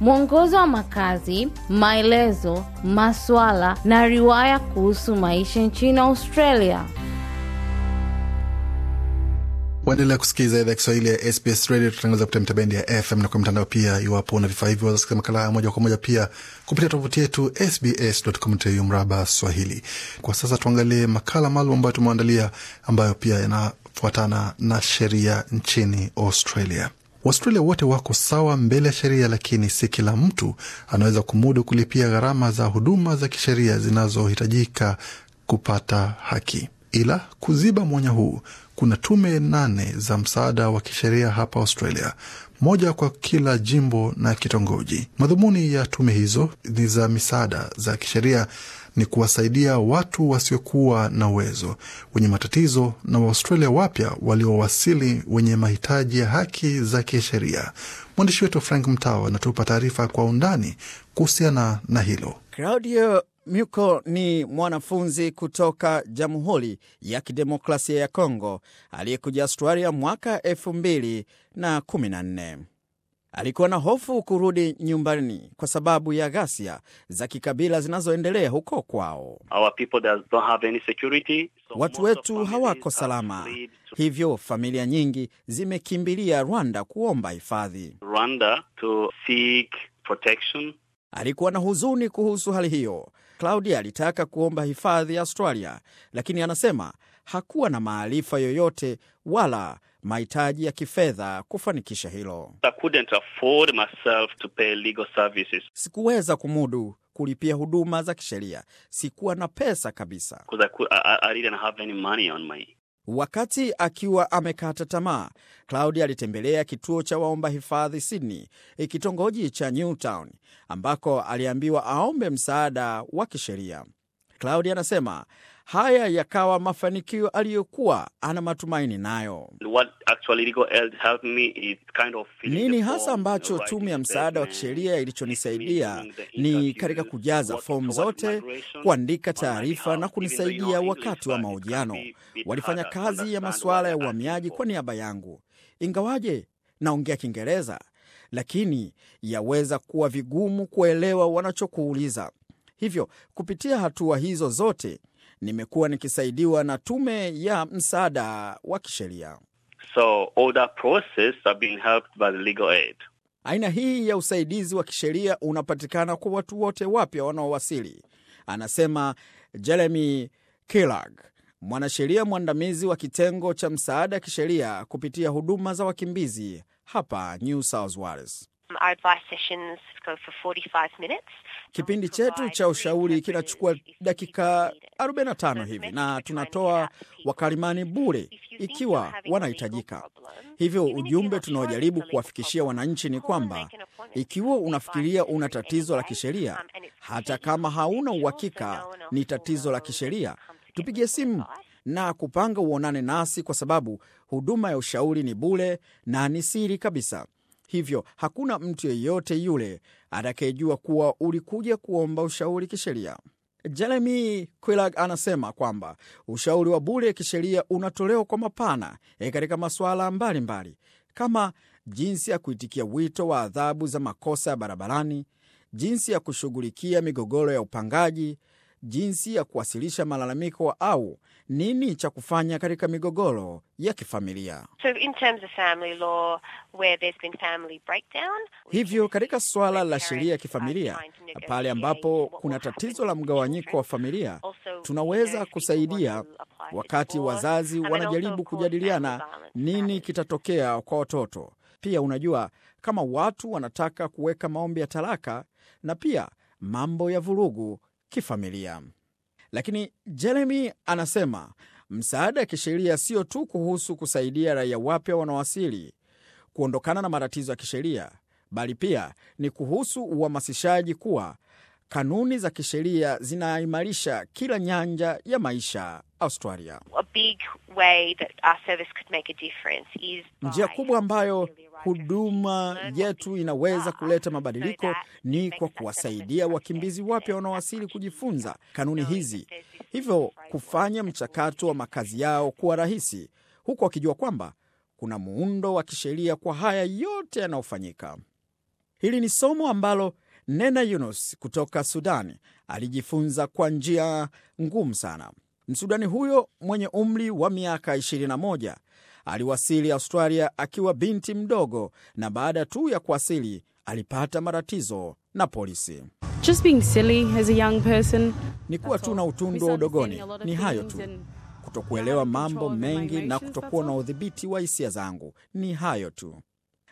mwongozo wa makazi, maelezo, maswala na riwaya kuhusu maisha nchini Australia. Waendelea kusikiliza idhaa ya Kiswahili ya SBS Radio, tutangaza kupitia mitabendi ya FM na kwa mtandao pia. Iwapo na vifaa hivyo, wazasikiza makala haya moja kwa moja pia kupitia tovuti yetu sbscu mraba Swahili. Kwa sasa tuangalie makala maalum ambayo tumeandalia, ambayo pia yanafuatana na sheria nchini Australia. Waustralia wote wako sawa mbele ya sheria, lakini si kila mtu anaweza kumudu kulipia gharama za huduma za kisheria zinazohitajika kupata haki. Ila kuziba mwanya huu kuna tume nane za msaada wa kisheria hapa Australia, moja kwa kila jimbo na kitongoji. Madhumuni ya tume hizo ni za misaada za kisheria ni kuwasaidia watu wasiokuwa na uwezo, wenye matatizo na Waaustralia wapya waliowasili wenye mahitaji ya haki za kisheria. Mwandishi wetu Frank Mtawa anatupa taarifa kwa undani kuhusiana na hilo. Claudio Myuko ni mwanafunzi kutoka Jamhuri ya Kidemokrasia ya Kongo aliyekuja Australia mwaka elfu mbili na kumi na nne. Alikuwa na hofu kurudi nyumbani kwa sababu ya ghasia za kikabila zinazoendelea huko kwao. security, so watu wetu hawako salama, hivyo familia nyingi zimekimbilia Rwanda kuomba hifadhi. Alikuwa na huzuni kuhusu hali hiyo Claudia alitaka kuomba hifadhi ya Australia, lakini anasema hakuwa na maarifa yoyote wala mahitaji ya kifedha kufanikisha hilo. Sikuweza kumudu kulipia huduma za kisheria, sikuwa na pesa kabisa. I, I, I Wakati akiwa amekata tamaa, Claudia alitembelea kituo cha waomba hifadhi Sydney, kitongoji cha Newtown, ambako aliambiwa aombe msaada wa kisheria. Claudia anasema haya yakawa mafanikio aliyokuwa ana matumaini nayo. kind of nini hasa ambacho tume ya msaada wa kisheria ilichonisaidia ni katika kujaza fomu zote, kuandika taarifa na kunisaidia wakati wa mahojiano. Walifanya kazi ya masuala ya uhamiaji kwa niaba yangu, ingawaje naongea Kiingereza, lakini yaweza kuwa vigumu kuelewa wanachokuuliza. Hivyo kupitia hatua hizo zote nimekuwa nikisaidiwa na tume ya msaada wa kisheria. So, aina hii ya usaidizi wa kisheria unapatikana kwa watu wote wapya wanaowasili, anasema Jeremy kilag mwanasheria mwandamizi wa kitengo cha msaada ya kisheria kupitia huduma za wakimbizi hapa New South Wales. Kipindi chetu cha ushauri kinachukua dakika 45 hivi na tunatoa wakalimani bure ikiwa wanahitajika. Hivyo ujumbe tunaojaribu kuwafikishia wananchi ni kwamba ikiwa unafikiria una tatizo la kisheria, hata kama hauna uhakika ni tatizo la kisheria, tupige simu na kupanga uonane nasi, kwa sababu huduma ya ushauri ni bure na ni siri kabisa hivyo hakuna mtu yeyote yule atakayejua kuwa ulikuja kuomba ushauri kisheria. jeremi Quilag anasema kwamba ushauri wa bure kisheria unatolewa kwa mapana e, katika masuala mbalimbali kama jinsi ya kuitikia wito wa adhabu za makosa ya barabarani, jinsi ya kushughulikia migogoro ya upangaji, jinsi ya kuwasilisha malalamiko au nini cha kufanya katika migogoro ya kifamilia. So in terms of family law, where there's been family breakdown, hivyo katika suala la sheria ya kifamilia, pale ambapo kuna tatizo la mgawanyiko wa familia, tunaweza kusaidia wakati wazazi wanajaribu kujadiliana nini kitatokea kwa watoto. Pia unajua, kama watu wanataka kuweka maombi ya talaka na pia mambo ya vurugu kifamilia. Lakini Jeremy anasema msaada ya kisheria sio tu kuhusu kusaidia raia wapya wanaowasili kuondokana na matatizo ya kisheria, bali pia ni kuhusu uhamasishaji kuwa Kanuni za kisheria zinaimarisha kila nyanja ya maisha Australia. Njia kubwa ambayo huduma yetu inaweza kuleta mabadiliko ni kwa kuwasaidia wakimbizi wapya wanaowasili kujifunza kanuni hizi, hivyo kufanya mchakato wa makazi yao kuwa rahisi, huku wakijua kwamba kuna muundo wa kisheria kwa haya yote yanayofanyika. Hili ni somo ambalo Nena Yunus kutoka Sudani alijifunza kwa njia ngumu sana. Msudani huyo mwenye umri wa miaka 21 aliwasili Australia akiwa binti mdogo, na baada tu ya kuwasili alipata matatizo na polisi. Just being silly as a young person. Ni kuwa tu na utundu wa udogoni, ni hayo tu. Kutokuelewa mambo mengi na kutokuwa na udhibiti wa hisia zangu, ni hayo tu.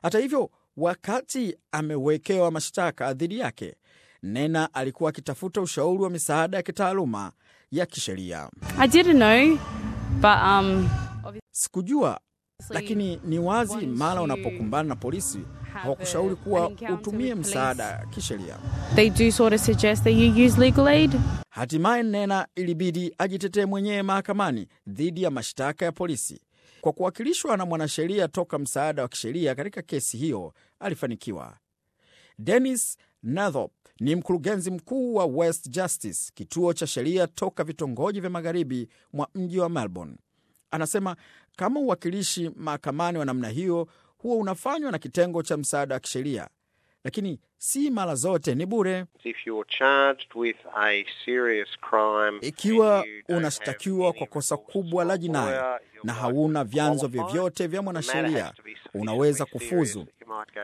Hata hivyo wakati amewekewa mashtaka dhidi yake. Nena alikuwa akitafuta ushauri wa misaada ya kitaaluma ya kisheria. Um, sikujua lakini ni wazi mara unapokumbana na polisi hawakushauri kuwa utumie msaada kisheria. Sort of hatimaye Nena ilibidi ajitetee mwenyewe mahakamani dhidi ya mashtaka ya polisi. Kwa kuwakilishwa na mwanasheria toka msaada wa kisheria katika kesi hiyo, alifanikiwa. Dennis nathop ni mkurugenzi mkuu wa West Justice, kituo cha sheria toka vitongoji vya magharibi mwa mji wa Melbourne. Anasema kama uwakilishi mahakamani wa namna hiyo huwa unafanywa na kitengo cha msaada wa kisheria, lakini si mara zote ni bure. Ikiwa unashtakiwa kwa kosa kubwa la jinai na hauna vyanzo vyovyote vya mwanasheria, unaweza kufuzu,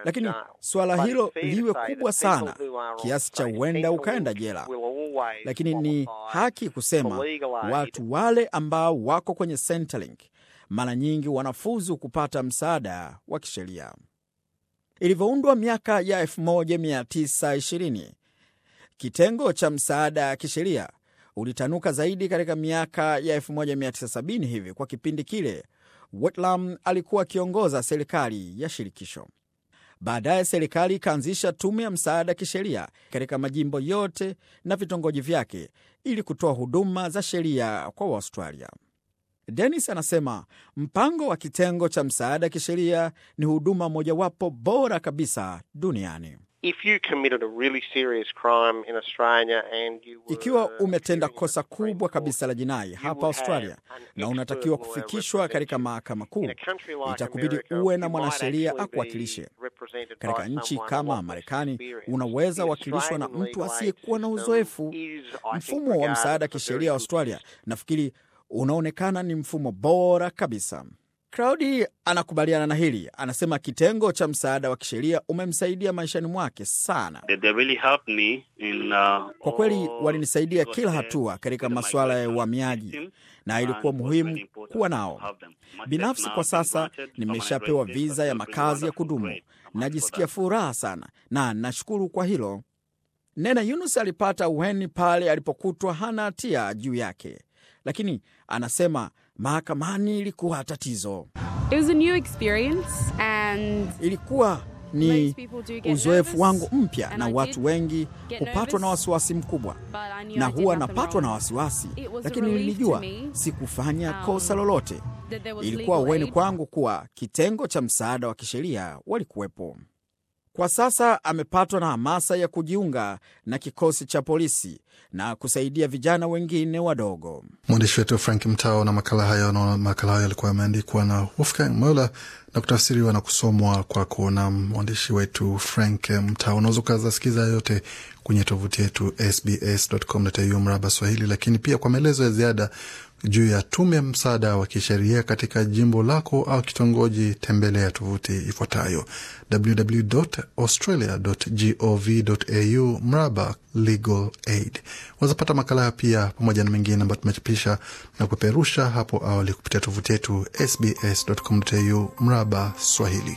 lakini suala hilo liwe kubwa sana kiasi cha huenda ukaenda jela. Lakini ni haki kusema watu wale ambao wako kwenye Centrelink mara nyingi wanafuzu kupata msaada wa kisheria ilivyoundwa miaka ya 1920. Kitengo cha msaada ya kisheria ulitanuka zaidi katika miaka ya 1970 hivi. Kwa kipindi kile, Whitlam alikuwa akiongoza serikali ya shirikisho. Baadaye serikali ikaanzisha tume ya msaada kisheria katika majimbo yote na vitongoji vyake ili kutoa huduma za sheria kwa Waustralia. Denis anasema mpango wa kitengo cha msaada kisheria ni huduma mojawapo bora kabisa duniani. If you committed a really serious crime in Australia and you were, ikiwa umetenda kosa kubwa kabisa la jinai hapa Australia na unatakiwa kufikishwa katika mahakama kuu, itakubidi uwe na mwanasheria akuwakilishe. Katika nchi kama Marekani unaweza wakilishwa na mtu asiyekuwa na uzoefu. Mfumo wa msaada kisheria Australia nafikiri unaonekana ni mfumo bora kabisa. Claudi anakubaliana na hili, anasema kitengo cha msaada wa kisheria umemsaidia maishani mwake sana. Really in, uh, kwa kweli oh, walinisaidia kila hatua katika masuala ya uhamiaji na ilikuwa muhimu kuwa nao. Binafsi kwa sasa nimeshapewa viza ya makazi ya kudumu, najisikia furaha sana na nashukuru kwa hilo. Nena Yunus alipata uheni pale alipokutwa hana hatia juu yake lakini anasema mahakamani ilikuwa tatizo. It was a new experience and ilikuwa ni uzoefu wangu mpya, na watu wengi hupatwa na wasiwasi mkubwa, na huwa napatwa na wasiwasi, lakini nilijua sikufanya um, kosa lolote. Ilikuwa uweni kwangu kuwa kitengo cha msaada wa kisheria walikuwepo. Kwa sasa amepatwa na hamasa ya kujiunga na kikosi cha polisi na kusaidia vijana wengine wadogo. Mwandishi wetu Frank Mtao na makala hayo na makala hayo yalikuwa yameandikwa na Wolfgang Mola na kutafsiriwa na kusomwa kwako na mwandishi wetu Frank Mtao. Unaweza ukazasikiza yote kwenye tovuti yetu sbs.com.au mraba Swahili, lakini pia kwa maelezo ya ziada juu ya tume ya msaada wa kisheria katika jimbo lako au kitongoji, tembelea tovuti ifuatayo www.australia.gov.au mraba legal aid. Wazapata makala pia pamoja na mengine ambayo tumechapisha na kupeperusha hapo awali kupitia tovuti yetu sbs.com.au mraba Swahili.